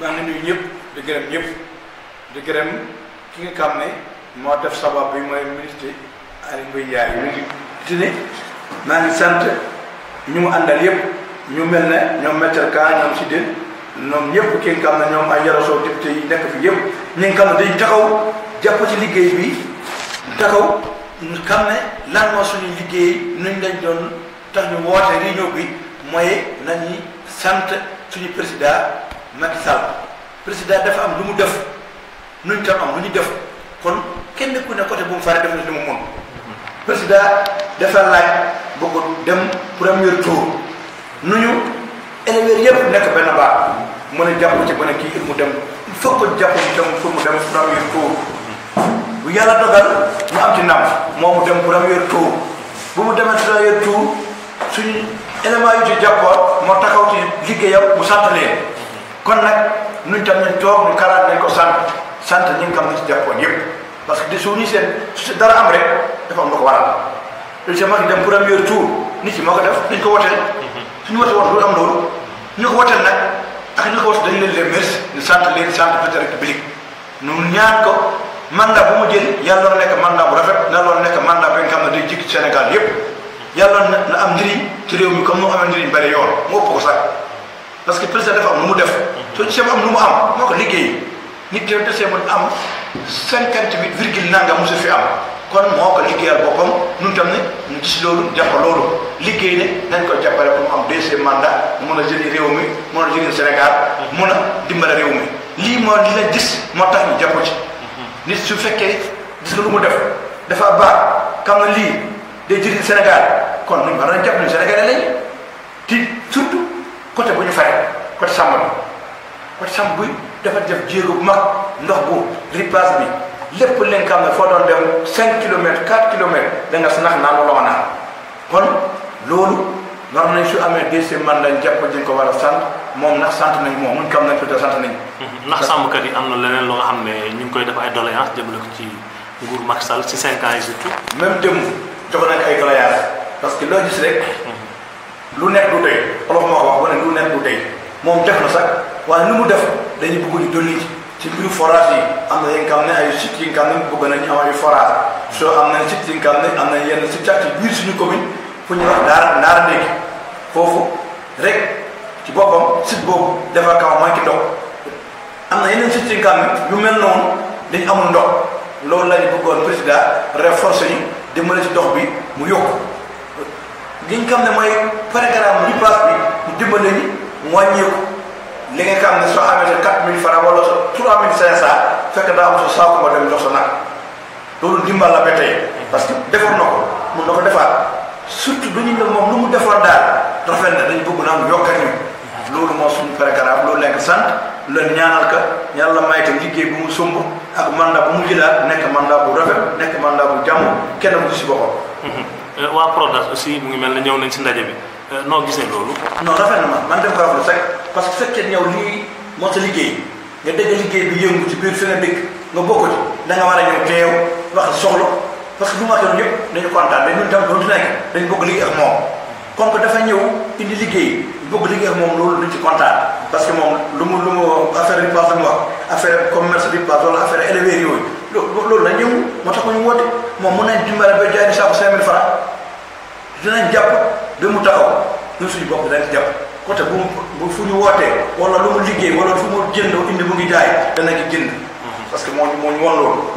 maa ngi nuyu ñëpp di gërëm ñëpp di gërëm ki nga xam ne moo def sabab bi mooy ministre Aly Ngouille Ndiaye mu ngi tine maa ngi sant ñu mu àndal yëpp ñu mel ne ñoom maître Ka ñoom Sidé ñoom ñëpp ki nga xam ne ñoom ay yarasoo député yi nekk fi yëpp ñi nga xam ne dañu taxaw jàpp ci liggéey bi taxaw xam ne suñu liggéey nuñ lañ doon tax ñu woote réunion bi mooy nañu sant suñu président Macky Sall président dafa am lu mu def nuñ tam am lu ñu def kon kenn ku ne côté bu mu faree def na li mu mën président dafa laaj bëgg dem premier tour nu ñu éleveurs yëpp nekk benn baax mën a jàpp ci mën kii il mu dem il ko que jàpp mu dem pour mu dem premier tour bu yàlla dogal mu am ci ndam moo mu dem premier tour bu mu demee premier tour suñu éléments yu ci jàppoon moo taxaw ci liggéeyam mu sant kon nag ñun tam ñu toog ñu kalaat nañ ko sant sant ñi nga xam ne si jàppoon yëpp parce que di suuf ñu seen su dara am rek dafa am lu ko waral lu ci mag dem premier tour nit ci moo ko def dañ ko woteel mhm. suñu wote woon lu am loolu ñu ko woteel ñu ko wote dañu leen leen merci ñu sant leen sant président république ñu ñaan ko mandat bu mu jël yàlla na nekk mandat bu rafet na loolu nekk mandat bi nga xam ne day jig Sénégal yëpp yàlla na am njëriñ ci réew mi comme moo amee njëriñ bari yoon moo ëpp ko sax parce que président dafa am lu mu def soo gisee mu am lu mu am moo ko liggéey nit ki dese mu am cinquante huit virgule nangam mosu fi am kon moo ko liggéeyal boppam ñun tam ne ñu gis loolu def ko loolu liggéey ne ko jàppale ko mu am deuxième mandat mun a jëli réew mi mun a dimbale réew lii moo li la gis moo tax ñu jàpp ci nit su fekkee gis nga lu mu def dafa baax xam nga lii day jëriñ Sénégal kon nuñ war nañ jàpp ñu Sénégalais lañ ti surtout côté bu ñu fare côté sàmm bi Wat Sam buy dafa def jéego bu mag ndox bu ripaas bi lépp li nga xam foo doon dem 5 kilomètres 4 kilomètres da nga sanax naan wala wanaan kon loolu war nañ su amee deuxième man dañ jàpp dañ ko war a sant moom ndax sant nañ moom mun kam nañ ko sant nañ ndax sàmmkat yi am na leneen lu nga xam ne ñu ngi koy def ay dem jëmale ko ci nguur Macky Sall ci 5 ans yi surtout. même démb jox nañ ay doléance parce que loo gis rek. lu mhm. nekk lu nekk du tey moom def na sax. waaye nu mu def dañu bëgg ñu dolli ci biir forage yi am na yi nga xam ne ay sites yi nga bëgg nañu am ay forage soo am nañ sites ne am na yenn si càcc biir suñu commune fu ñu wax daara ndaara boppam site boobu dafa kaw mooy na yeneen sites ne yu mel noonu dañu amul ndox loolu la ñu bëggoon président renforcer yi dimbale ci ndox bi mu yokku li xam ne mooy programme bi passe bi mu dimbale ñu wàññeeku li nga xam ne soo amee quatre mille francs wala trois mille cinq cent fekk daa am sa saako nga dem jox sa nag loolu ndimbal la ba tey parce que defoon na ko mun na ko defaat surtout du ñu ne moom lu mu defoon daal rafet na dañ bëgg naa mu yokkat ñu moo suñu programme loolu lañ ko sant leen ñaanal ka yàlla may te liggéey bu mu sumb ak mandat bu mu jëlaat nekk mandat bu rafet nekk mandat bu jàmm kenn mu si boppam. Mhm. Euh, waa Prodac aussi mu ngi mel na ñëw nañ si ndaje bi euh, noo gisee loolu. non rafet na man man dem ko rafetlu rek. parce que fekkee ñëw lii moo sa liggéey nga dégg liggéey bi yëngu ci biir fi nga nga bokk ci da nga war a ñëw teew wax soxla parce que bu ma doon ñëpp dañu kontaan mais nekk dañu bëgg liggéey ak moom ñëw indi liggéey liggéey ak moom kontaan parce que moom lu mu lu mu affaire bi passe lu mu wax affaire commerce bi passe wala affaire éleveur yooyu loolu la ñëw moo tax ko ñu woote moom mun nañ a ba jaay ni saaku cinq mille francs dinañ jàpp ba mu taxaw ñun suñu bopp dinañ jàpp côté bu bu fu ñu wootee wala lu mu liggéey wala fu mu jënd indi mu ngi jaay dana gi jënd mhm. parce que moo moo ñu wan loolu